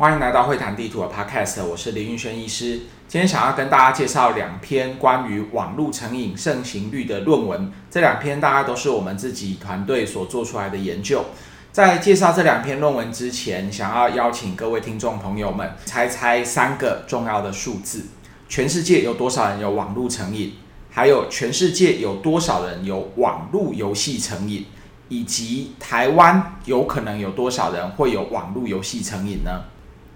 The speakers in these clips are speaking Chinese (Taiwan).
歡迎來到會談地圖的 Podcast，我是林云軒醫師。今天想要跟大家介紹兩篇關於網路成癮盛行率的論文，這兩篇大概都是我們自己團隊所做出來的研究。在介紹這兩篇論文之前，想要邀請各位聽眾朋友們猜猜三個重要的數字：全世界有多少人有網路成癮？還有全世界有多少人有網路遊戲成癮？以及台灣有可能有多少人會有網路遊戲成癮呢？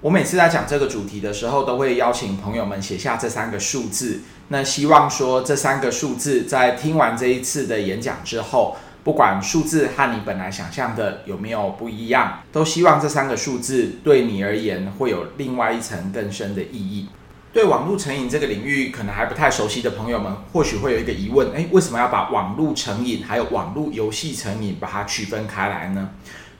我每次在講這個主題的時候，都會邀請朋友們寫下這三個數字。那希望說這三個數字，在聽完這一次的演講之後，不管數字和你本來想象的有沒有不一樣，都希望這三個數字對你而言會有另外一層更深的意義。對網絡成癮這個領域可能還不太熟悉的朋友們，或許會有一個疑問：誒，為什麼要把網絡成癮還有網絡遊戲成癮把它區分開來呢？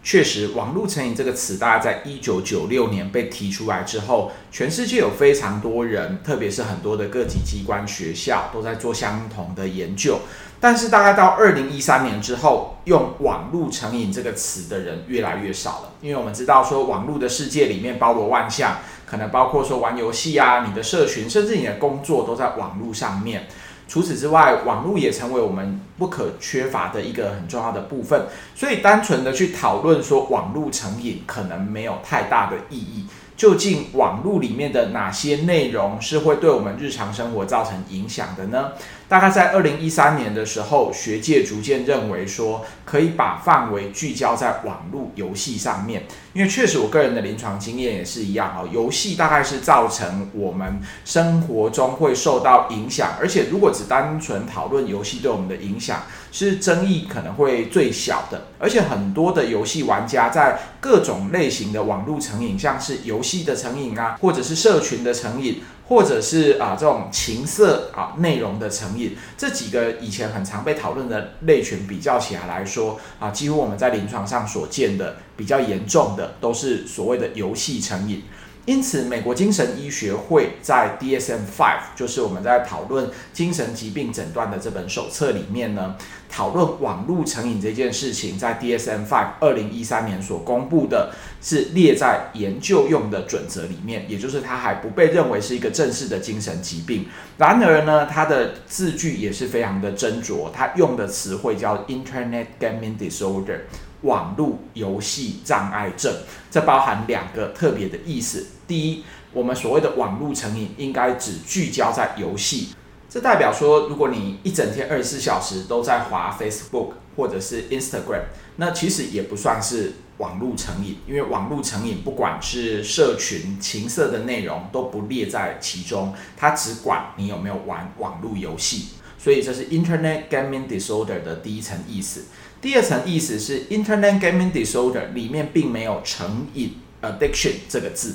確實，網絡成癮這個詞，大家在一九九六年被提出來之後，全世界有非常多人，特別是很多的各級機關、學校都在做相同的研究。但是，大概到二零一三年之後，用網絡成癮這個詞的人越來越少了，因為我們知道說，網絡的世界裡面包羅萬象，可能包括說玩遊戲啊、你的社群，甚至你的工作都在網絡上面。除此之外，網絡也成為我們不可缺乏的一個很重要的部分，所以單純的去討論說網絡成癮可能沒有太大的意義。究竟網絡裡面的哪些內容是會對我們日常生活造成影響的呢？大概在二零一三年的時候，學界逐漸認為說，可以把範圍聚焦在網絡遊戲上面，因為確實我個人的臨床經驗也是一樣哦，遊戲大概是造成我們生活中會受到影響，而且如果只單純討論遊戲對我們的影響。是爭議可能會最小的，而且很多的遊戲玩家在各種類型的網絡成癮，像是遊戲的成癮啊，或者是社群的成癮，或者是啊這種情色啊內容的成癮，這幾個以前很常被討論的類群比較起來來說啊，幾乎我們在臨床上所見的比較嚴重的，都是所謂的遊戲成癮。因此，美國精神醫學會在 DSM-5，就是我們在討論精神疾病診斷的這本手冊裡面呢，討論網路成癮這件事情，在 DSM-5 二零一三年所公布的，是列在研究用的準則裡面，也就是它還不被認為是一個正式的精神疾病。然而呢，它的字句也是非常的斟酌，它用的詞彙叫 Internet Gaming Disorder，網路遊戲障礙症，這包含兩個特別的意思。第一，我們所謂的網絡成癮應該只聚焦在遊戲。這代表說，如果你一整天二十四小時都在滑 Facebook 或者是 Instagram，那其實也不算是網絡成癮。因為網絡成癮，不管是社群情色的內容都不列在其中，它只管你有沒有玩網絡遊戲。所以這是 Internet Gaming Disorder 的第一層意思。第二層意思是 Internet Gaming Disorder 裡面並沒有成癮 addiction 這個字。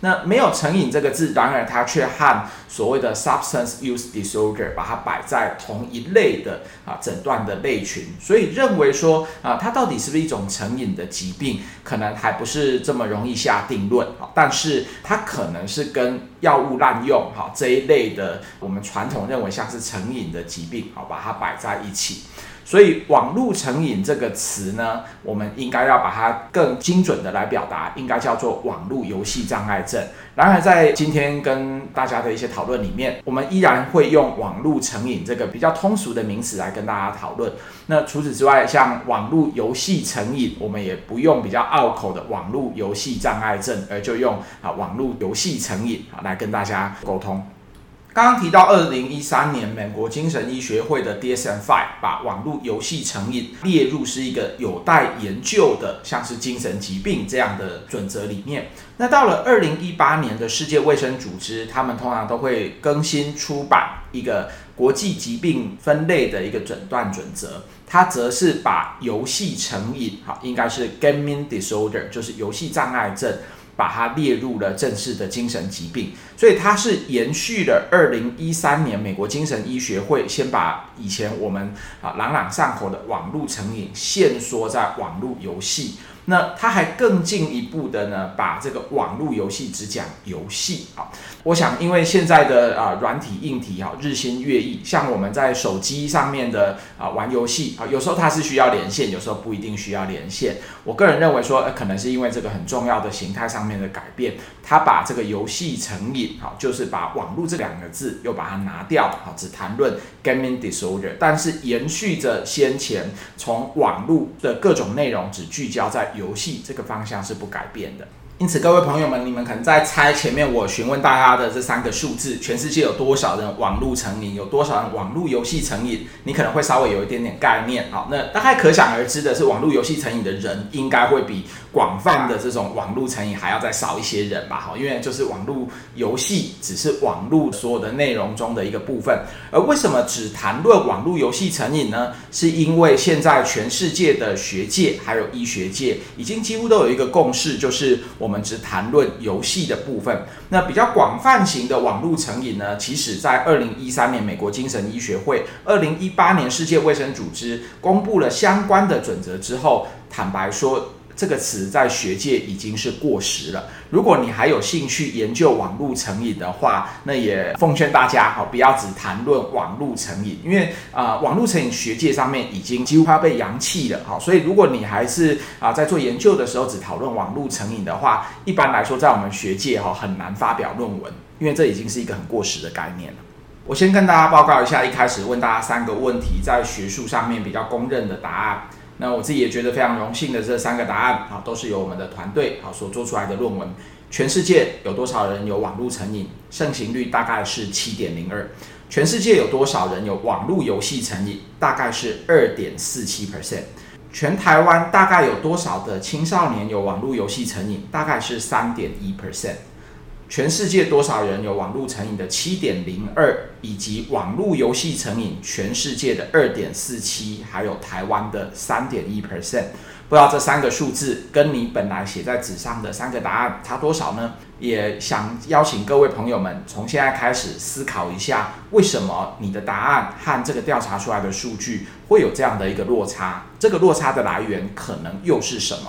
那沒有成癮這個字，然而它卻和所謂的 substance use disorder 把它擺在同一類的啊診斷的類群，所以認為說啊，它到底是不是一種成癮的疾病，可能還不是這麼容易下定論。好、啊，但是它可能是跟藥物濫用哈、啊、這一類的，我們傳統認為像是成癮的疾病，好、啊、把它擺在一起。所以“網絡成癮”這個詞呢，我們應該要把它更精準的來表達，應該叫做“網絡遊戲障礙症”。然而，在今天跟大家的一些討論裡面，我們依然會用“網絡成癮”這個比較通俗的名詞來跟大家討論。那除此之外，像“網絡遊戲成癮”，我們也不用比較拗口的“網絡遊戲障礙症”，而就用啊“網絡遊戲成癮”啊來跟大家溝通。剛剛提到2013，二零一三年美國精神醫學會的 DSM-5 把網絡遊戲成癮列入是一個有待研究的像是精神疾病這樣的準則裡面。那到了二零一八年的世界衛生組織，他們通常都會更新出版一個國際疾病分類的一個診斷準則，它則是把遊戲成癮，好，應該是 gaming disorder，就是遊戲障礙症。把它列入了正式的精神疾病，所以它是延續了二零一三年美國精神醫學會先把以前我們啊朗朗上口的網絡成癮限縮在網絡遊戲。那他還更進一步的呢，把這個網絡遊戲只講遊戲啊，我想因為現在的啊軟體硬體日新月異，像我們在手機上面的啊玩遊戲啊，有時候它是需要連線，有時候不一定需要連線。我個人認為說，可能是因為這個很重要的形態上面的改變，他把這個遊戲成癮就是把網絡這兩個字又把它拿掉啊，只談論。Gaming disorder，但是延續着先前從網絡的各種內容，只聚焦在遊戲這個方向是不改變的。因此，各位朋友們，你們可能在猜前面我詢問大家的這三個數字：全世界有多少人網絡成癮？有多少人網絡遊戲成癮？你可能會稍微有一點點概念啊。那大概可想而知的是，網絡遊戲成癮的人應該會比廣泛的這種網絡成癮還要再少一些人吧？好，因為就是網絡遊戲只是網絡所有的內容中的一個部分。而為什麼只談論網絡遊戲成癮呢？是因為現在全世界的學界還有醫學界已經幾乎都有一個共識，就是我我們只談論遊戲的部分。那比較廣泛型的網絡成癮呢，其實，在二零一三年美國精神醫學會、二零一八年世界衛生組織公布了相關的準則之後，坦白說，這個詞在學界已經是過時了。如果你還有興趣研究網絡成癮的話，那也奉勸大家哈，不要只談論網絡成癮，因為啊，網絡成癮學界上面已經幾乎快要被揚棄了哈。所以，如果你還是啊在做研究的時候只討論網絡成癮的話，一般來說在我們學界哈很難發表論文，因為這已經是一個很過時的概念了。我先跟大家報告一下，一開始問大家三個問題，在學術上面比較公認的答案。那我自己也覺得非常榮幸的，這三個答案啊，都是由我們的團隊啊所做出來的論文。全世界有多少人有網絡成癮？盛行率大概是七點零二。全世界有多少人有網絡遊戲成癮？大概是二點四七 percent。全台灣大概有多少的青少年有網絡遊戲成癮？大概是三點一 percent。全世界多少人有網絡成癮的七點零二，以及網絡遊戲成癮全世界的二點四七，還有台灣的三點一 percent。不知道這三個數字跟你本來寫在紙上的三個答案差多少呢？也想邀請各位朋友們從現在開始思考一下，為什麼你的答案和這個調查出來的數據會有這樣的一個落差？這個落差的來源可能又是什麼？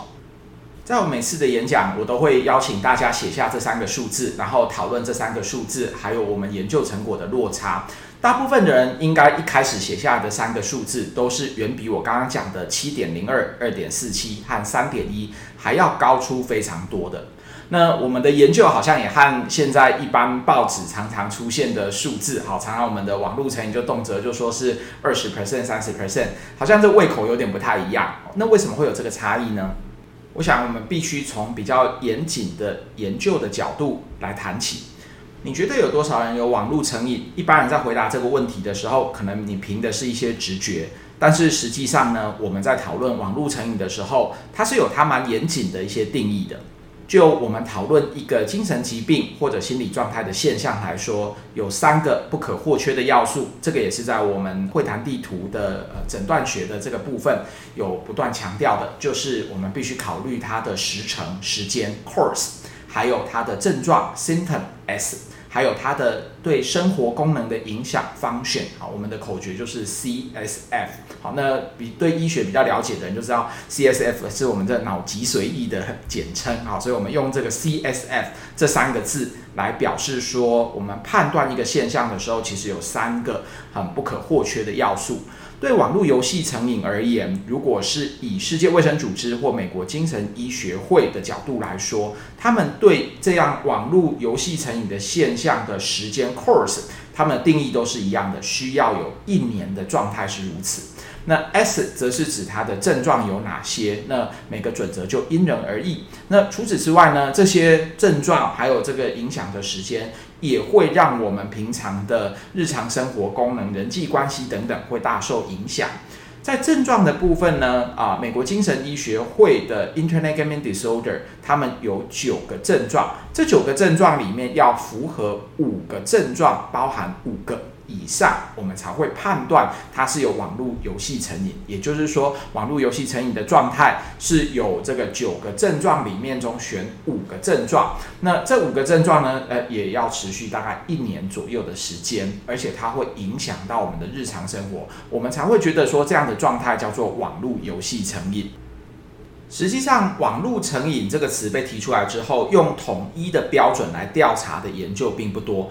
在我每次的演講，我都會邀請大家寫下這三個數字，然後討論這三個數字，還有我們研究成果的落差。大部分的人應該一開始寫下的三個數字，都是遠比我剛剛講的七點零二、二點四七和三點一還要高出非常多的。那我們的研究好像也和現在一般報紙常常出現的數字，好，常常我們的網絡成癮就動輒就是說是二十 percent、三十 percent，好像這胃口有點不太一樣。那為什麼會有這個差異呢？我想我們必須從比較嚴謹的研究的角度來談起。你覺得有多少人有網路成癮？一般人在回答這個問題的時候，可能你憑的是一些直覺，但是實際上呢，我們在討論網路成癮的時候，它是有它蠻嚴謹的一些定義的。就我們討論一個精神疾病或者心理狀態的現象來說，有三個不可或缺的要素。這個也是在我們會談地圖的呃診斷學的這個部分有不斷強調的，就是我們必須考慮它的時程、時間 （course），還有它的症狀 （symptoms）。Symptom, S, 還有它的對生活功能的影響，function，好，我們的口訣就是 C S F，好，那比對醫學比較了解的人就知道，C S F 是我們的腦脊髓液的簡稱，好，所以我們用這個 C S F 這三個字來表示說，我們判斷一個現象的時候，其實有三個很不可或缺的要素。對網絡遊戲成癮而言，如果是以世界衛生組織或美國精神醫學會的角度來說，他們對這樣網絡遊戲成癮的現象的時間 course，他們的定義都是一樣的，需要有一年的狀態是如此。那 S 則是指它的症狀有哪些，那每個準則就因人而異。那除此之外呢，這些症狀還有這個影響的時間。也會讓我們平常的日常生活功能、人際關係等等會大受影響。在症狀的部分呢，啊，美國精神醫學會的 Internet Gaming Disorder，他們有九個症狀，這九個症狀裡面要符合五個症狀，包含五個。以上我們才會判斷它是有網絡遊戲成癮，也就是說，網絡遊戲成癮的狀態是有這個九個症狀裡面中選五個症狀，那這五個症狀呢，呃，也要持續大概一年左右的時間，而且它會影響到我們的日常生活，我們才會覺得說這樣的狀態叫做網絡遊戲成癮。實際上，網絡成癮這個詞被提出來之後，用統一的標準來調查的研究並不多。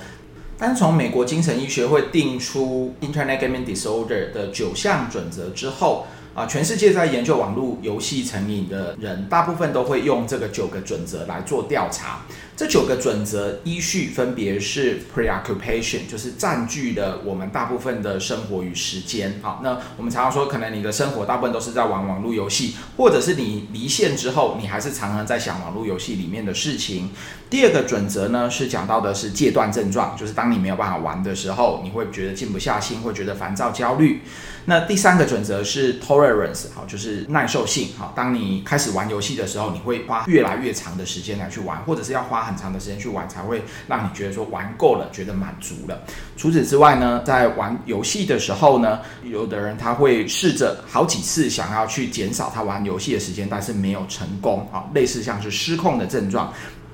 單從美國精神醫學會定出 Internet Gaming Disorder 的九項準則之後，啊，全世界在研究網絡遊戲成癮的人，大部分都會用這個九個準則來做調查。這九個準則依序分別是 preoccupation，就是佔據了我們大部分的生活與時間。好，那我們常常說，可能你的生活大部分都是在玩網絡遊戲，或者是你離線之後，你還是常常在想網絡遊戲裡面的事情。第二個準則呢，是講到的是戒斷症狀，就是當你沒有辦法玩的時候，你會覺得靜不下心，會覺得煩躁、焦慮。那第三個準則是 tolerance，好，就是耐受性。好，當你開始玩遊戲的時候，你會花越來越長的時間來去玩，或者是要花很長的時間去玩才會讓你覺得說玩夠了，覺得滿足了。除此之外呢，在玩遊戲的時候呢，有的人他會試着好幾次想要去減少他玩遊戲的時間，但是沒有成功啊。類似像是失控的症狀。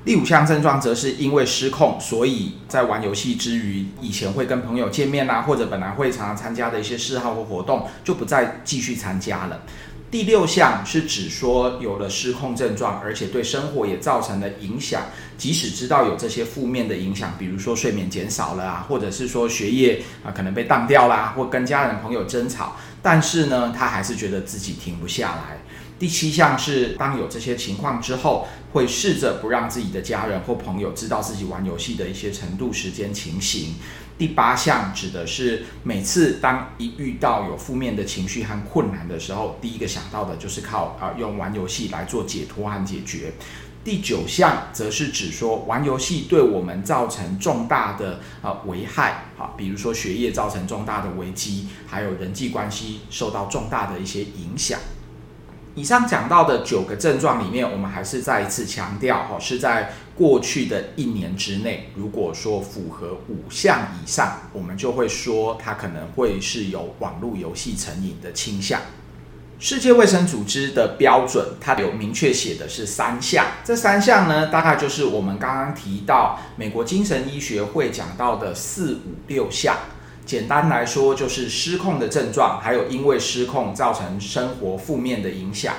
第五項症狀則是因為失控，所以在玩遊戲之餘，以前會跟朋友見面啦、啊，或者本來會常常參加的一些嗜好或活動，就不再繼續參加了。第六項是指說有了失控症狀，而且對生活也造成了影響。即使知道有這些負面的影響，比如說睡眠減少了啊，或者是說學業啊可能被當掉啦啊，或跟家人朋友爭吵，但是呢，他還是覺得自己停不下來。第七項是當有這些情況之後，會試着不讓自己的家人或朋友知道自己玩遊戲的一些程度、時間、情形。第八項指的是每次當一遇到有負面的情緒和困難的時候，第一個想到的就是靠啊、呃、用玩遊戲來做解脫和解決。第九項則是指說玩遊戲對我們造成重大的啊、呃、危害，啊比如說學業造成重大的危機，還有人際關係受到重大的一些影響。以上講到的九個症狀裡面，我們還是再一次強調，哈、哦、是在過去的一年之內，如果說符合五項以上，我們就會說他可能會是有網絡遊戲成癮的傾向。世界衛生組織的標準，它有明確寫的是三項，這三項呢，大概就是我們剛剛提到美國精神醫學會講到的四五六項。簡單來說，就是失控的症狀，還有因為失控造成生活負面的影響。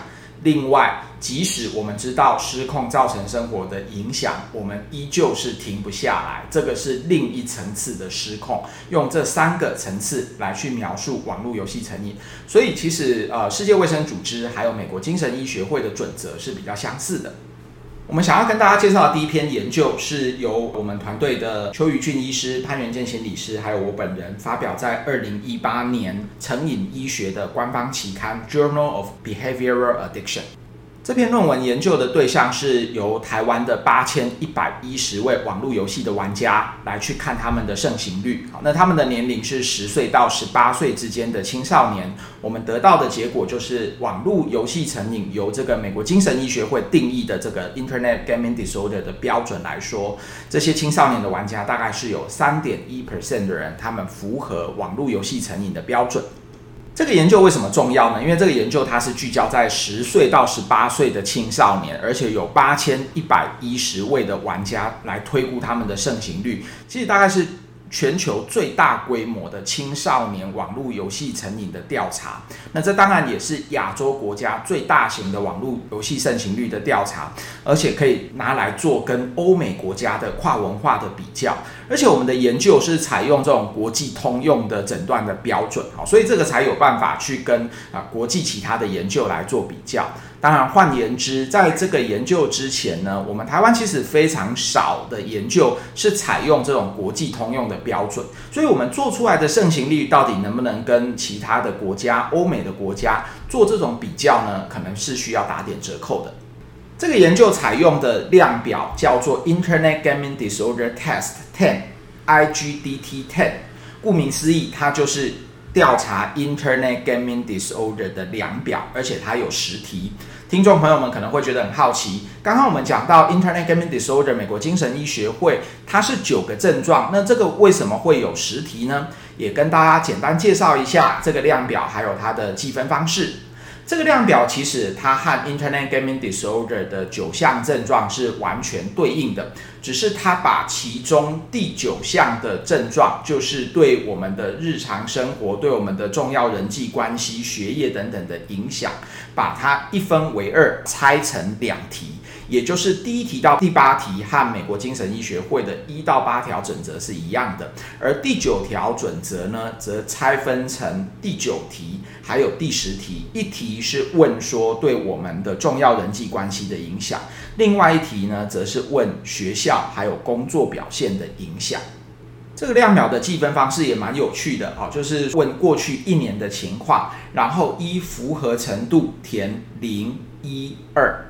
另外，即使我們知道失控造成生活的影響，我們依舊是停不下來。這個是另一層次的失控。用這三個層次來去描述網絡遊戲成癮，所以其實呃，世界衛生組織還有美國精神醫學會的準則是比較相似的。我們想要跟大家介紹的第一篇研究，是由我們團隊的邱宇俊醫師、潘元建心理師，還有我本人發表在二零一八年成癮醫學的官方期刊《Journal of Behavioral Addiction》。這篇論文研究的對象是由台灣的八千一百一十位網絡遊戲的玩家來去看他們的盛行率。好，那他們的年齡是十歲到十八歲之間的青少年。我們得到的結果就是，網絡遊戲成癮由這個美國精神醫學會定義的這個 Internet Gaming Disorder 的標準來說，這些青少年的玩家大概是有三點一 percent 的人，他們符合網絡遊戲成癮的標準。這個研究為什麼重要呢？因為這個研究它是聚焦在十歲到十八歲的青少年，而且有八千一百一十位的玩家來推估他們的盛行率，其實大概是全球最大規模的青少年網絡遊戲成癮的調查，那這當然也是亞洲國家最大型的網絡遊戲盛行率的調查，而且可以拿來做跟歐美國家的跨文化的比較，而且我們的研究是採用這種國際通用的診斷的標準啊，所以這個才有辦法去跟啊國際其他的研究來做比較。當然，換言之，在這個研究之前呢，我們台灣其實非常少的研究是採用這種國際通用的標準，所以，我們做出來的盛行率到底能不能跟其他的國家、歐美的國家做這種比較呢？可能是需要打點折扣的。這個研究採用的量表叫做 Internet Gaming Disorder Test Ten (IGDT-10)，顧名思義，它就是調查 Internet Gaming Disorder 的量表，而且它有十題。聽眾朋友們可能會覺得很好奇，剛剛我們講到 Internet Gaming Disorder，美國精神醫學會它是九個症狀，那這個為什麼會有十題呢？也跟大家簡單介紹一下這個量表，還有它的計分方式。這個量表其實它和 Internet Gaming Disorder 的九項症狀是完全對應的，只是它把其中第九項的症狀，就是對我們的日常生活、對我們的重要人際關係、學業等等的影響，把它一分為二，拆成兩題。也就是第一題到第八題和美國精神醫學會的一到八條準則是一樣的，而第九條準則呢，則拆分成第九題還有第十題，一題是問說對我們的重要人際關係的影響，另外一題呢，則是問學校還有工作表現的影響。這個量表的計分方式也蠻有趣的啊、哦，就是問過去一年的情況，然後依符合程度填零一二。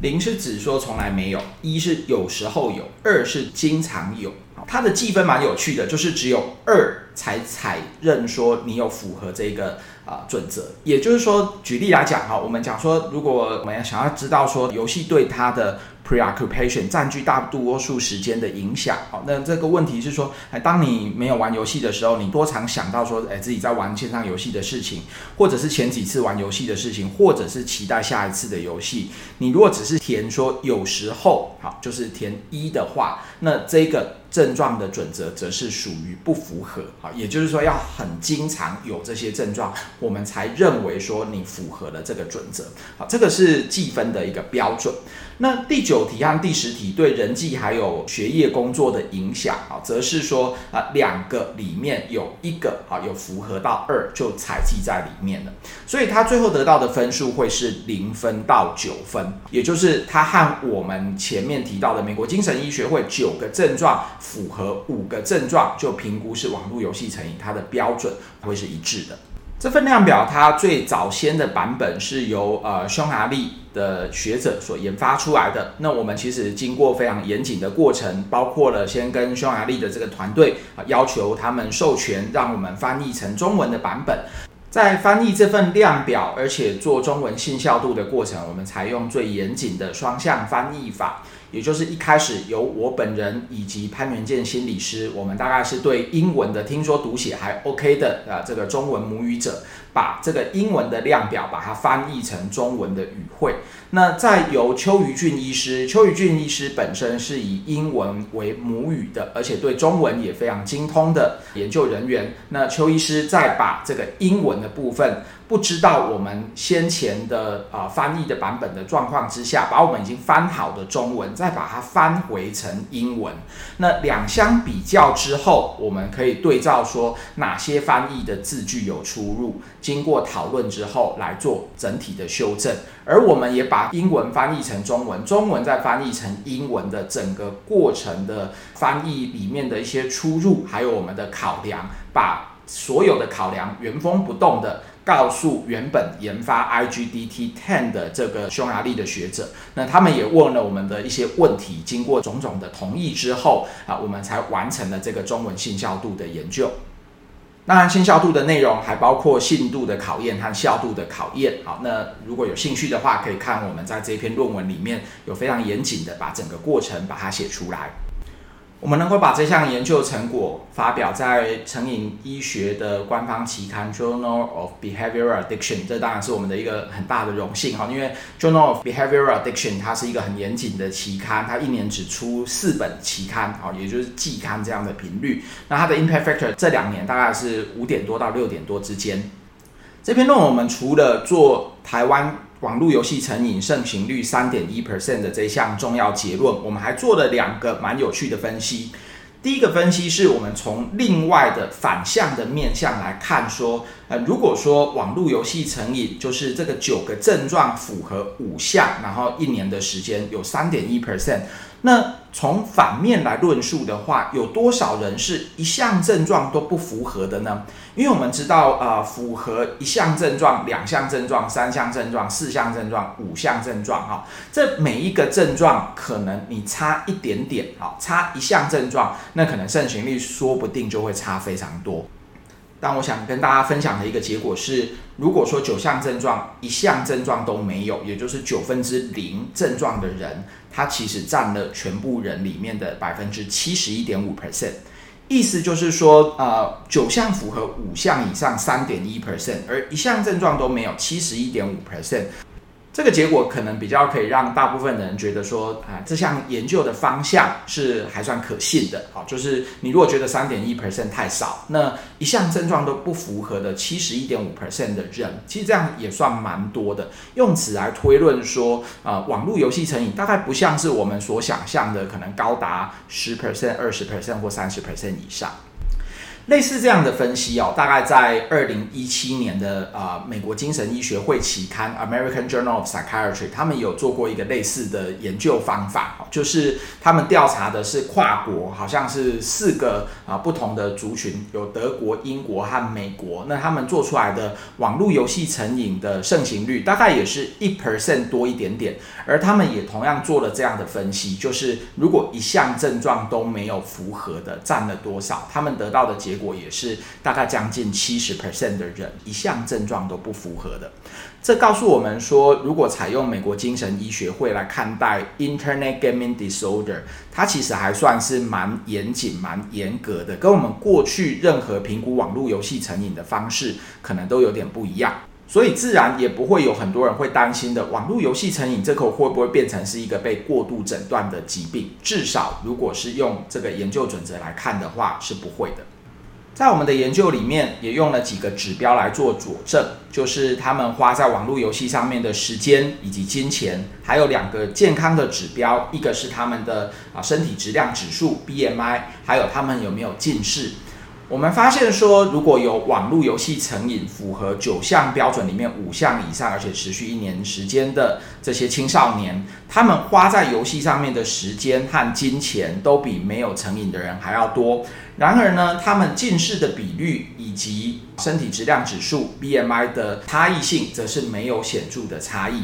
零是指說從來沒有，一是有時候有，二是經常有。它的計分蠻有趣的，就是只有二才採認說你有符合這個啊，呃，準則。也就是說，舉例來講哈，我們講說，如果我們要想要知道說遊戲對它的。Preoccupation 佔據大多數時間的影響。好，那這個問題是說，哎，當你沒有玩遊戲的時候，你多常想到說，哎、欸，自己在玩線上遊戲的事情，或者是前幾次玩遊戲的事情，或者是期待下一次的遊戲。你如果只是填說有時候，好，就是填一的話，那這個症狀的準則則是屬於不符合。好，也就是說，要很經常有這些症狀，我們才認為說你符合了這個準則。好，這個是計分的一個標準。那第九題和第十題對人際還有學業工作的影響啊，則是說啊，呃、兩個裡面有一個啊，有符合到二就採計在裡面了。所以他最後得到的分數會是零分到九分，也就是他和我們前面提到的美國精神醫學會九個症狀符合五個症狀就評估是網路遊戲成癮，它的標準會是一致的。這份量表它最早先的版本是由呃匈牙利。的學者所研發出來的，那我們其實經過非常嚴謹的過程，包括了先跟匈牙利的這個團隊啊，要求他們授權，讓我們翻譯成中文的版本，在翻譯這份量表，而且做中文信效度的過程，我們採用最嚴謹的雙向翻譯法，也就是一開始由我本人以及潘元健心理師，我們大概是對英文的聽說讀寫還 OK 的啊，這個中文母語者。把這個英文的量表，把它翻譯成中文的語彙。那再由邱於俊醫師，邱於俊醫師本身是以英文為母語的，而且對中文也非常精通的研究人員。那邱醫師再把這個英文的部分，不知道我們先前的啊、呃、翻譯的版本的狀況之下，把我們已經翻好的中文，再把它翻回成英文。那兩相比較之後，我們可以對照說哪些翻譯的字句有出入，經過討論之後，來做整體的修正。而我們也把英文翻譯成中文，中文再翻譯成英文的整個過程的翻譯裡面的一些出入，還有我們的考量，把所有的考量原封不動的。告訴原本研發 IGDT-10 的這個匈牙利的學者，那他們也問了我們的一些問題，經過種種的同意之後啊，我們才完成了這個中文信效度的研究。那信效度的內容還包括信度的考驗和效度的考驗。好，那如果有興趣的話，可以看我們在這篇論文裡面有非常嚴謹的把整個過程把它寫出來。我們能夠把這項研究成果發表在成癮醫學的官方期刊《Journal of Behavioral Addiction》，這當然是我們的一個很大的榮幸哈。因為《Journal of Behavioral Addiction》它是一個很嚴謹的期刊，它一年只出四本期刊啊，也就是季刊這樣的頻率。那它的 Impact Factor 這兩年大概是五點多到六點多之間。這篇論文我們除了做台灣，網絡遊戲成癮盛行率三點一 percent 的這項重要結論，我們還做了兩個蠻有趣的分析。第一個分析是我們從另外的反向的面向來看，說，呃，如果說網絡遊戲成癮就是這個九個症狀符合五項，然後一年的時間有三點一 percent。那從反面來論述的話，有多少人是一項症狀都不符合的呢？因為我們知道，呃，符合一項症狀、兩項症狀、三項症狀、四項症狀、五項症狀，哈、哦，這每一個症狀可能你差一點點，好、哦，差一項症狀，那可能盛行率說不定就會差非常多。但我想跟大家分享的一個結果是，如果說九項症狀，一項症狀都沒有，也就是九分之零症狀的人，他其實占了全部人裡面的百分之七十一點五 percent。意思就是說，呃，九項符合五項以上三點一 percent，而一項症狀都沒有，七十一點五 percent。這個結果可能比較可以讓大部分人覺得說，啊、呃，這項研究的方向是還算可信的。啊、哦，就是你如果覺得三點一 percent 太少，那一項症狀都不符合的七十一點五 percent 的人，其實這樣也算蠻多的。用此來推論說，啊、呃，網絡遊戲成癮大概不像是我們所想象的，可能高達十 percent、二十 percent 或三十 percent 以上。類似這樣的分析哦，大概在二零一七年的啊、呃、美國精神醫學會期刊《American Journal of Psychiatry》，他們有做過一個類似的研究方法哦，就是他們調查的是跨國，好像是四個啊、呃、不同的族群，有德國、英國和美國。那他們做出來的網絡遊戲成癮的盛行率，大概也是一 percent 多一點點。而他們也同樣做了這樣的分析，就是如果一項症狀都沒有符合的佔了多少，他們得到的結果。結果也是大概將近七十 percent 的人一項症狀都不符合的，這告訴我們說，如果採用美國精神醫學會來看待 Internet Gaming Disorder，它其實還算是蠻嚴謹、蠻嚴格的，跟我們過去任何評估網絡遊戲成癮的方式可能都有點不一樣，所以自然也不會有很多人會擔心的，網絡遊戲成癮這口會不會變成是一個被過度診斷的疾病？至少如果是用這個研究準則來看的話，是不會的。在我們的研究裡面，也用了幾個指標來做佐證，就是他們花在網絡遊戲上面的時間以及金錢，還有兩個健康的指標，一個是他們的啊身體質量指數 BMI，還有他們有沒有近視。我們發現說，如果有網絡遊戲成癮，符合九項標準裡面五項以上，而且持續一年時間的這些青少年，他們花在遊戲上面的時間和金錢都比沒有成癮的人還要多。然而呢，他們近視的比率，以及身體質量指數 BMI 的差異性則是沒有顯著的差異。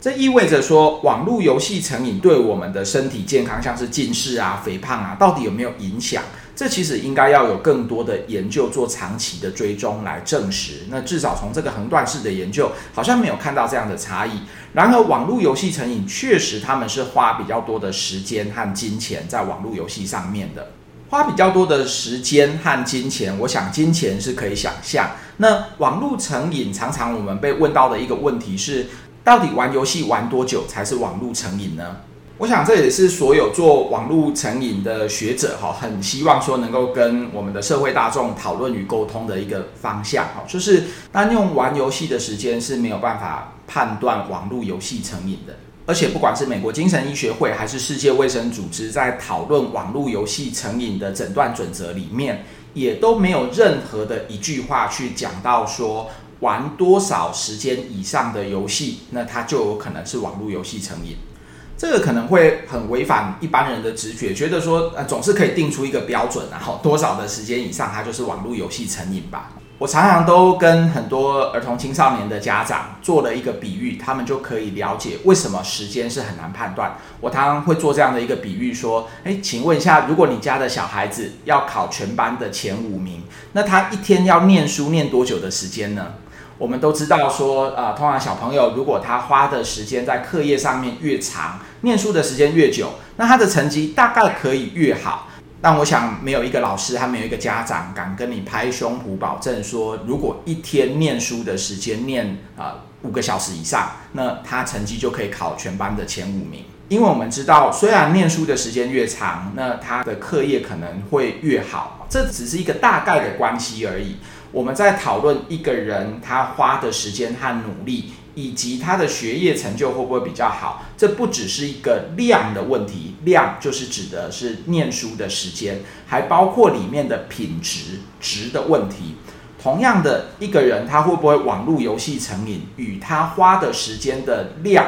這意味着說，網絡遊戲成癮對我們的身體健康，像是近視啊、肥胖啊，到底有沒有影響？這其實應該要有更多的研究做長期的追蹤來證實。那至少從這個橫斷式的研究，好像沒有看到這樣的差異。然而，網絡遊戲成癮確實他們是花比較多的時間和金錢在網絡遊戲上面的。花比較多的時間和金錢，我想金錢是可以想象。那網絡成癮常常我們被問到的一個問題是，到底玩遊戲玩多久才是網絡成癮呢？我想這也是所有做網絡成癮的學者哈，很希望說能夠跟我們的社會大眾討論與溝通的一個方向哈，就是單用玩遊戲的時間是沒有辦法判斷網絡遊戲成癮的。而且，不管是美國精神醫學會還是世界衛生組織，在討論網絡遊戲成癮的診斷準則裡面，也都沒有任何的一句話去講到說玩多少時間以上的遊戲，那它就有可能是網絡遊戲成癮。這個可能會很違反一般人的直覺，覺得說，呃，總是可以定出一個標準，然後多少的時間以上，它就是網絡遊戲成癮吧。我常常都跟很多兒童青少年的家長做了一個比喻，他們就可以了解為什麼時間是很難判斷。我常常會做這樣的一個比喻說，哎，請問一下，如果你家的小孩子要考全班的前五名，那他一天要念書念多久的時間呢？我們都知道說，呃，通常小朋友如果他花的時間在課業上面越長，念書的時間越久，那他的成績大概可以越好。但我想，沒有一個老師，還沒有一個家長敢跟你拍胸脯保證說，如果一天念書的時間念啊、呃、五個小時以上，那他成績就可以考全班的前五名。因為我們知道，雖然念書的時間越長，那他的課業可能會越好，這只是一個大概的關係而已。我們在討論一個人他花的時間和努力。以及他的學業成就會不會比較好？這不只是一個量的問題，量就是指的是念書的時間，還包括裡面的品質，質的問題。同樣的一個人，他會不會網絡遊戲成癮，與他花的時間的量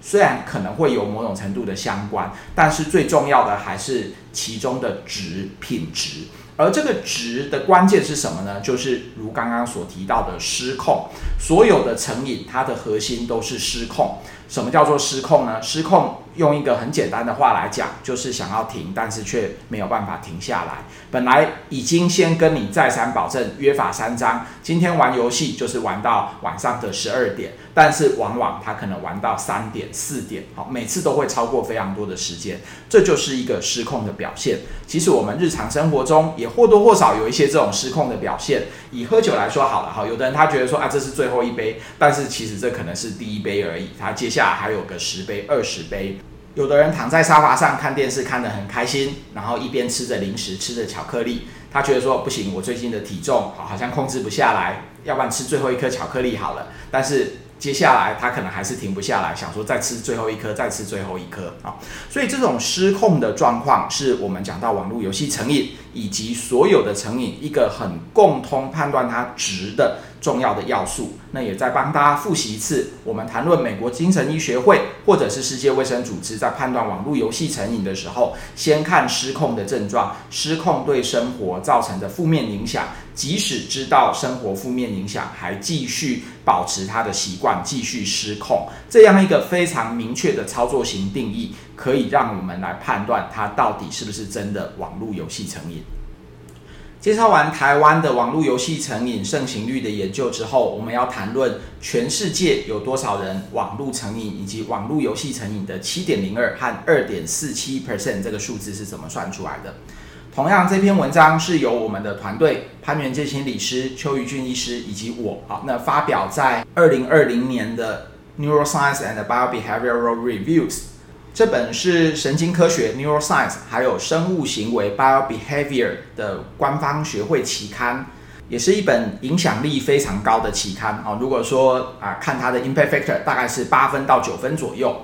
雖然可能會有某種程度的相關，但是最重要的還是。其中的值、品質，而這個值的關鍵是什麼呢？就是如剛剛所提到的失控。所有的成癮，它的核心都是失控。什麼叫做失控呢？失控用一個很簡單的話來講，就是想要停，但是卻沒有辦法停下來。本來已經先跟你再三保證，約法三章，今天玩遊戲就是玩到晚上的十二點，但是往往他可能玩到三點、四點，好，每次都會超過非常多的時間，這就是一個失控的表現，其實我們日常生活中也或多或少有一些這種失控的表現。以喝酒來說好了哈，有的人他覺得說啊，這是最後一杯，但是其實這可能是第一杯而已。他接下來還有個十杯、二十杯。有的人躺在沙發上看電視，看得很開心，然後一邊吃着零食，吃着巧克力，他覺得說不行，我最近的體重好，好像控制不下來，要不然吃最後一顆巧克力好了。但是接下來他可能還是停不下來，想說再吃最後一顆，再吃最後一顆啊，所以這種失控的狀況是我們講到網絡遊戲成癮以及所有的成癮，一個很共通判斷它值的重要的要素，那也再幫大家複習一次。我們談論美國精神醫學會或者是世界衛生組織在判斷網絡遊戲成癮的時候，先看失控的症狀，失控對生活造成的負面影響，即使知道生活負面影響還繼續保持它的習慣，繼續失控，這樣一個非常明確的操作型定義。可以讓我們來判斷它到底是不是真的網絡遊戲成癮。介紹完台灣的網絡遊戲成癮盛行率的研究之後，我們要談論全世界有多少人網絡成癮，以及網絡遊戲成癮的七點零二和二點四七 percent 這個數字是怎麼算出來的。同樣，這篇文章是由我們的團隊潘元健心理師、邱宇俊醫師以及我，好，那發表在二零二零年的 Neuroscience and Biobehavioral Reviews。這本是神經科學 （Neuroscience） 還有生物行為 b i o Behavior） 的官方學會期刊，也是一本影響力非常高的期刊啊、哦。如果說啊，看它的 Impact Factor 大概是八分到九分左右。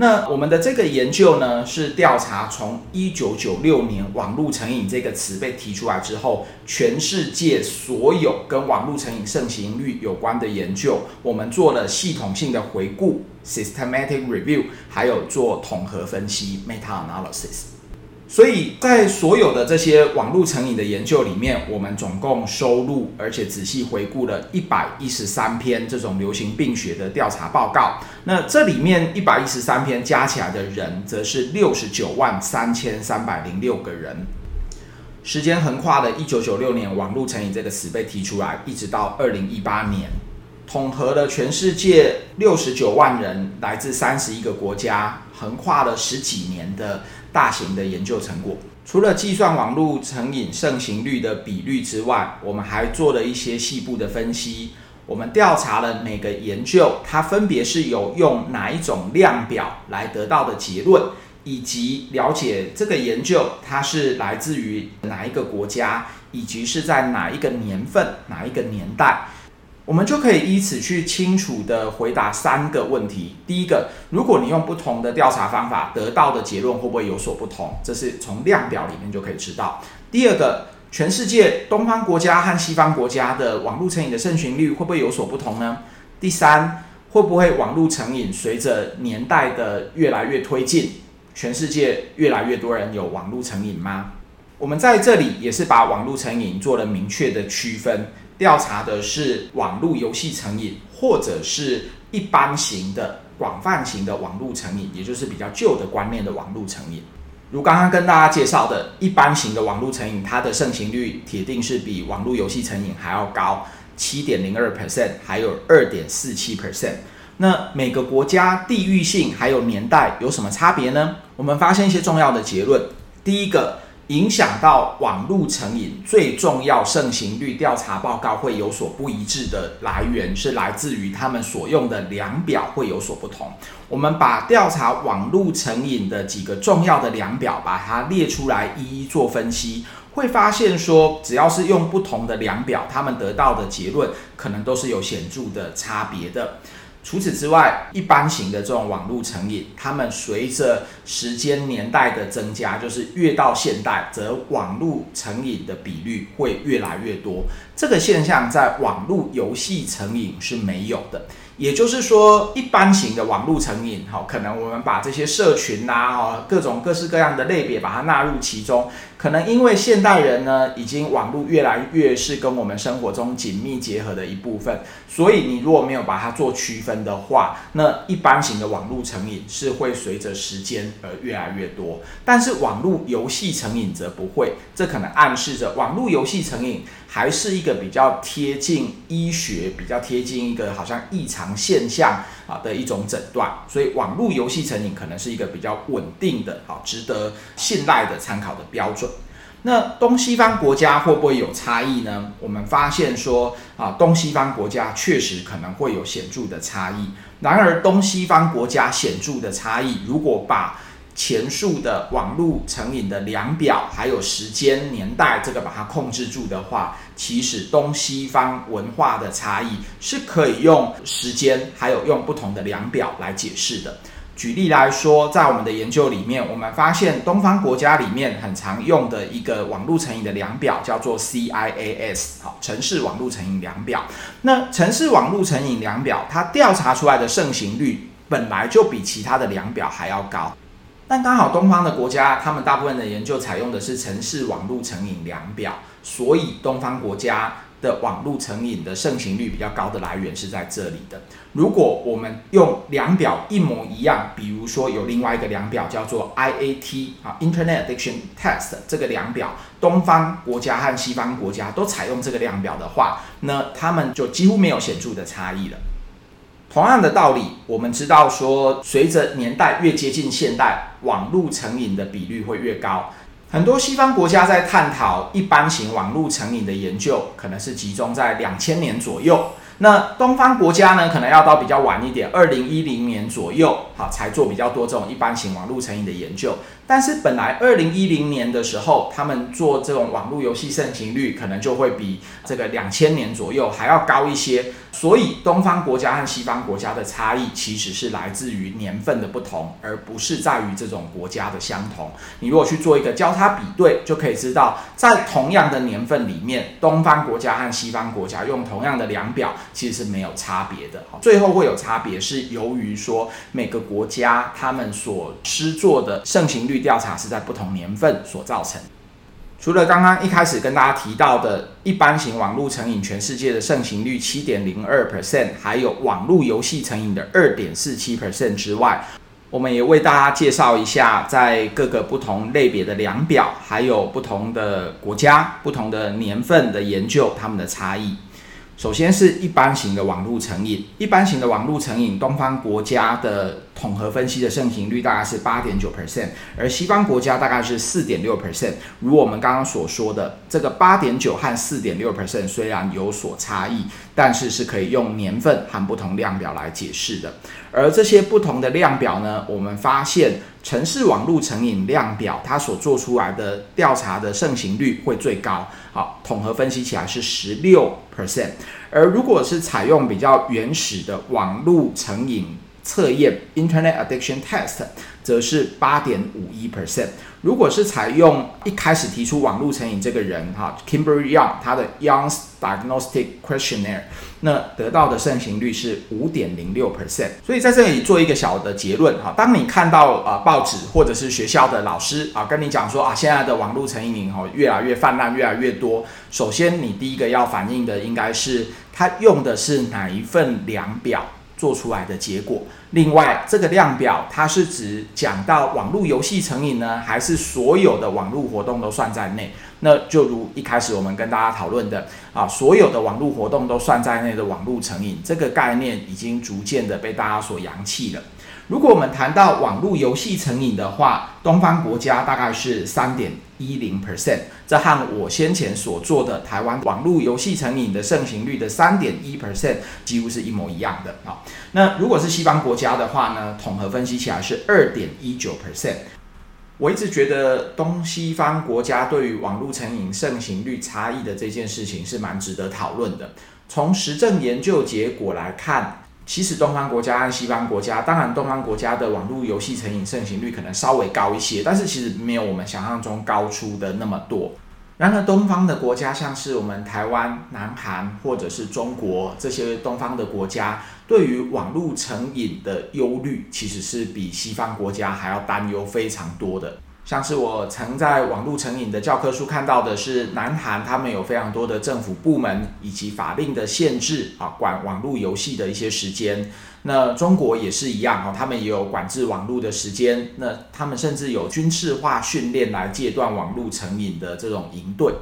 那我們的這個研究呢，是調查從一九九六年“網路成癮”這個詞被提出來之後，全世界所有跟網路成癮盛行率有關的研究，我們做了系統性的回顧 （systematic review），還有做統合分析 （meta-analysis）。所以在所有的這些網絡成癮的研究裡面，我們總共收錄而且仔細回顧了一百一十三篇這種流行病學的調查報告。那這裡面一百一十三篇加起來的人，則是六十九萬三千三百零六個人。時間橫跨了，一九九六年“網絡成癮”這個詞被提出來，一直到二零一八年，統合了全世界六十九萬人，來自三十一個國家，橫跨了十幾年的。大型的研究成果，除了計算網絡成癮盛行率的比率之外，我們還做了一些細部的分析。我們調查了每個研究，它分別是有用哪一種量表來得到的結論，以及了解這個研究它是來自於哪一個國家，以及是在哪一個年份、哪一個年代。我們就可以依此去清楚地回答三個問題：第一個，如果你用不同的調查方法得到的結論會不會有所不同？這是從量表裡面就可以知道。第二個，全世界東方國家和西方國家的網絡成癮的盛行率會不會有所不同呢？第三，會不會網絡成癮隨着年代的越來越推進，全世界越來越多人有網絡成癮嗎？我們在這裡也是把網絡成癮做了明確的區分。調查的是網路遊戲成癮，或者是一般型的、廣泛型的網路成癮，也就是比較舊的觀念的網路成癮。如剛剛跟大家介紹的一般型的網路成癮，它的盛行率鐵定是比網路遊戲成癮還要高，七點零二 percent，還有二點四七 percent。那每個國家、地域性還有年代有什麼差別？呢我們發現一些重要的結論，第一個。影響到網路成癮最重要盛行率調查報告會有所不一致的來源，是來自於他們所用的量表會有所不同。我們把調查網路成癮的幾個重要的量表，把它列出來一一做分析，會發現說，只要是用不同的量表，他們得到的結論可能都是有顯著的差別的。除此之外，一般型的這種網絡成癮，他們隨着時間年代的增加，就是越到現代，則網絡成癮的比率會越來越多。這個現象在網絡遊戲成癮是沒有的。也就是說，一般型的網絡成癮，哈，可能我們把這些社群啊，哈，各種各式各樣的類別，把它納入其中。可能因為現代人呢，已經網絡越來越是跟我們生活中緊密結合的一部分，所以你如果沒有把它做區分的話，那一般型的網絡成癮是會隨着時間而越來越多，但是網絡遊戲成癮則不會，這可能暗示着網絡遊戲成癮。還是一個比較貼近醫學、比較貼近一個好像異常現象啊的一種診斷，所以網絡遊戲成癮可能是一個比較穩定的、值得信賴的參考的標準。那東西方國家會不會有差異呢？我們發現說啊，東西方國家確實可能會有顯著的差異。然而東西方國家顯著的差異，如果把前述的網路成癮的量表，還有時間年代這個把它控制住的話，其實東西方文化的差異是可以用時間，還有用不同的量表來解釋的。舉例來說，在我們的研究裡面，我們發現東方國家裡面很常用的一個網路成癮的量表叫做 CIAS，好，城市網路成癮量表。那城市網路成癮量表它調查出來的盛行率本來就比其他的量表還要高。但剛好東方的國家，他們大部分的研究採用的是城市網絡成癮量表，所以東方國家的網絡成癮的盛行率比較高的來源是在這裡的。如果我們用量表一模一樣，比如說有另外一個量表叫做 IAT 啊 Internet Addiction Test 這個量表，東方國家和西方國家都採用這個量表的話，那他們就幾乎沒有顯著的差異了。同樣的道理，我們知道說，隨着年代越接近現代，網絡成癮的比率會越高。很多西方國家在探討一般型網絡成癮的研究，可能是集中在兩千年左右。那東方國家呢，可能要到比較晚一點，二零一零年左右，好，才做比較多這種一般型網絡成癮的研究。但是本來二零一零年的時候，他們做這種網絡遊戲盛行率，可能就會比這個兩千年左右還要高一些。所以，東方國家和西方國家的差異其實是來自於年份的不同，而不是在於這種國家的相同。你如果去做一個交叉比對，就可以知道，在同樣的年份裡面，東方國家和西方國家用同樣的量表，其實是沒有差別的。最後會有差別，是由於說每個國家他們所施作的盛行率調查是在不同年份所造成的。除了剛剛一開始跟大家提到的一般型網絡成癮，全世界的盛行率七點零二 percent，還有網絡遊戲成癮的二點四七 percent 之外，我們也為大家介紹一下在各個不同類別的量表，還有不同的國家、不同的年份的研究，他們的差異。首先是一般型的網路成癮，一般型的網路成癮，東方國家的統合分析的盛行率大概是八點九 percent，而西方國家大概是四點六 percent。如我們剛剛所說的，這個八點九和四點六 percent 雖然有所差異，但是是可以用年份和不同量表來解釋的。而這些不同的量表呢，我們發現，城市網路成癮量表，它所做出來的調查的盛行率會最高，好，統合分析起來是十六 percent，而如果是採用比較原始的網路成癮測驗 （Internet Addiction Test），則是八點五一 percent。如果是採用一開始提出網絡成癮這個人哈，Kimberly Young，他的 Young's Diagnostic Questionnaire，那得到的盛行率是五點零六 percent。所以在這裡做一個小的結論哈，當你看到啊報紙或者是學校的老師啊跟你講說啊，現在的網絡成癮哦越來越泛濫，越來越多，首先你第一個要反應的應該是他用的是哪一份量表做出來的結果。另外，這個量表它是指講到網絡遊戲成癮呢，還是所有的網絡活動都算在內？那就如一開始我們跟大家討論的啊，所有的網絡活動都算在內的網絡成癮這個概念，已經逐漸的被大家所揚棄了。如果我們談到網絡遊戲成癮的話，東方國家大概是三點。一零 percent，這和我先前所做的台灣網路遊戲成癮的盛行率的三點一 percent 幾乎是一模一樣的啊。那如果是西方國家的話呢，統合分析起來是二點一九 percent。我一直覺得東西方國家對於網路成癮盛行率差異的這件事情是蠻值得討論的。從實證研究結果來看。其實，東方國家和西方國家，當然，東方國家的網絡遊戲成癮盛行率可能稍微高一些，但是其實沒有我們想象中高出的那麼多。然而，東方的國家，像是我們台灣、南韓或者是中國這些東方的國家，對於網絡成癮的憂慮，其實是比西方國家還要擔憂非常多的。像是我曾在網絡成癮的教科書看到的是，南韓他們有非常多的政府部門以及法令的限制啊，管網絡遊戲的一些時間。那中國也是一樣啊，他們也有管制網絡的時間。那他們甚至有軍事化訓練來戒斷網絡成癮的這種營隊。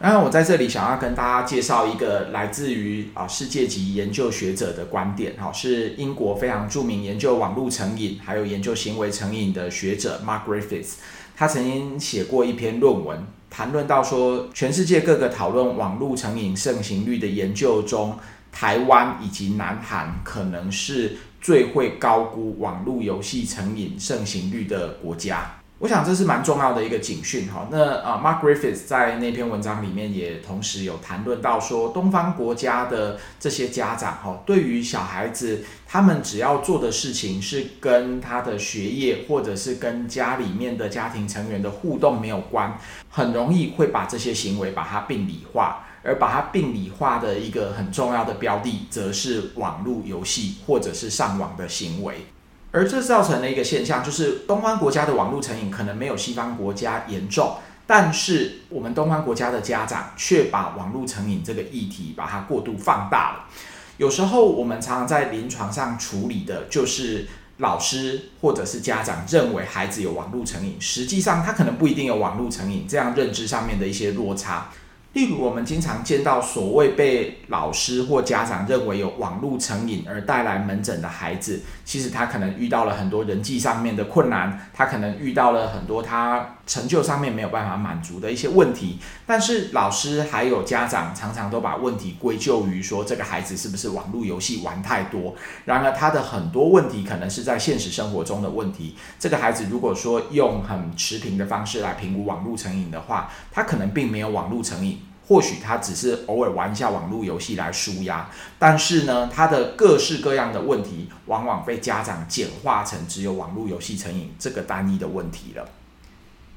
那我在這裡想要跟大家介紹一個來自於啊世界級研究學者的觀點，哈，是英國非常著名研究網絡成癮還有研究行為成癮的學者 Mark Griffiths，他曾經寫過一篇論文，談論到說，全世界各個討論網絡成癮盛行率的研究中，台灣以及南韓可能是最會高估網絡遊戲成癮盛行率的國家。我想這是蠻重要的一個警訊哈。那啊，Mark Griffiths 在那篇文章裡面也同時有談論到說，東方國家的這些家長哈，對於小孩子他們只要做的事情是跟他的學業或者是跟家裡面的家庭成員的互動沒有關，很容易會把這些行為把它病理化，而把它病理化的一個很重要的標的，則是網路遊戲或者是上網的行為。而這造成了一個現象，就是東方國家的網絡成癮可能沒有西方國家嚴重，但是我們東方國家的家長卻把網絡成癮這個議題把它過度放大了。有時候我們常常在臨床上處理的，就是老師或者是家長認為孩子有網絡成癮，實際上他可能不一定有網絡成癮，這樣認知上面的一些落差。例如，我們經常見到所謂被老師或家長認為有網絡成癮而帶來門診的孩子，其實他可能遇到了很多人際上面的困難，他可能遇到了很多他成就上面沒有辦法滿足的一些問題，但是老師還有家長常常都把問題歸咎於說這個孩子是不是網絡遊戲玩太多。然而他的很多問題可能是在現實生活中的問題。這個孩子如果說用很持平的方式來評估網絡成癮的話，他可能並沒有網絡成癮，或許他只是偶爾玩一下網絡遊戲來舒壓。但是呢，他的各式各樣的問題往往被家長簡化成只有網絡遊戲成癮這個單一的問題了。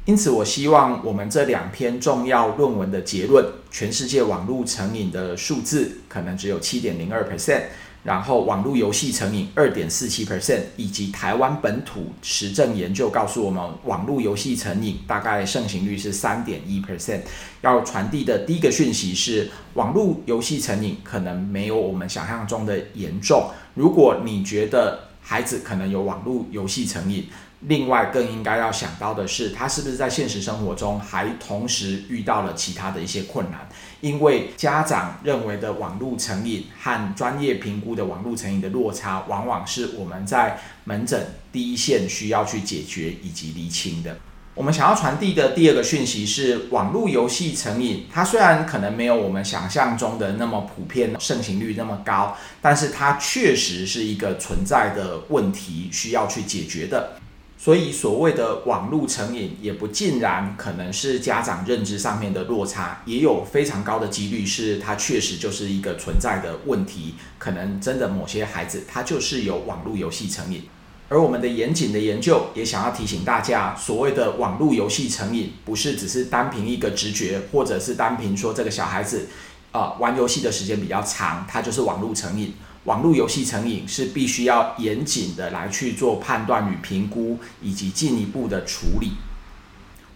因此，我希望我們這兩篇重要論文的結論：全世界網絡成癮的數字可能只有七點零二 percent，然後網絡遊戲成癮二點四七 percent，以及台灣本土實證研究告訴我們，網絡遊戲成癮大概盛行率是三點一 percent。要傳遞的第一個訊息是，網絡遊戲成癮可能沒有我們想象中的嚴重。如果你覺得孩子可能有網絡遊戲成癮，另外，更應該要想到的是，他是不是在現實生活中還同時遇到了其他的一些困難？因為家長認為的網絡成癮和專業評估的網絡成癮的落差，往往是我們在門診第一線需要去解決以及釐清的。我們想要傳遞的第二個訊息是，網絡遊戲成癮，它雖然可能沒有我們想象中的那麼普遍，盛行率那麼高，但是它確實是一個存在的問題，需要去解決的。所以，所謂的網絡成癮也不盡然，可能是家長認知上面的落差，也有非常高的幾率是它確實就是一個存在的問題。可能真的某些孩子他就是有網絡遊戲成癮。而我們的嚴謹的研究也想要提醒大家，所謂的網絡遊戲成癮不是只是單憑一個直覺，或者是單憑說這個小孩子啊、呃、玩遊戲的時間比較長，他就是網絡成癮。網絡遊戲成癮是必須要嚴謹的來去做判斷與評估，以及進一步的處理。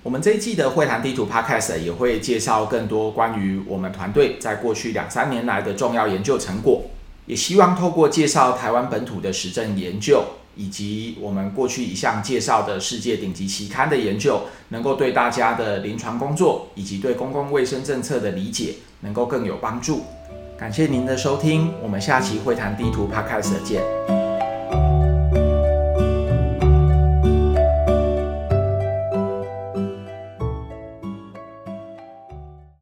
我們這一季的會談地圖 Podcast 也會介紹更多關於我們團隊在過去兩三年來的重要研究成果。也希望透過介紹台灣本土的實證研究，以及我們過去一項介紹的世界頂級期刊的研究，能夠對大家的臨床工作以及對公共衛生政策的理解，能夠更有幫助。感謝您的收聽，我們下期會談地圖 Podcast 見。